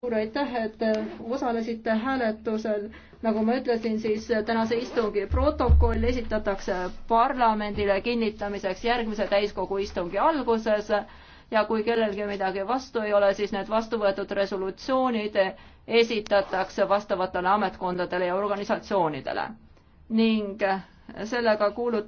suur aitäh, et äh, osalesite hääletusel. nagu ma ütlesin, siis äh, tänase istungi protokoll esitatakse parlamendile kinnitamiseks järgmise täiskogu istungi alguses ja kui kellelgi midagi vastu ei ole, siis need vastu võetud resolutsioonid esitatakse vastavatele ametkondadele ja organisatsioonidele ning äh, sellega kuulutan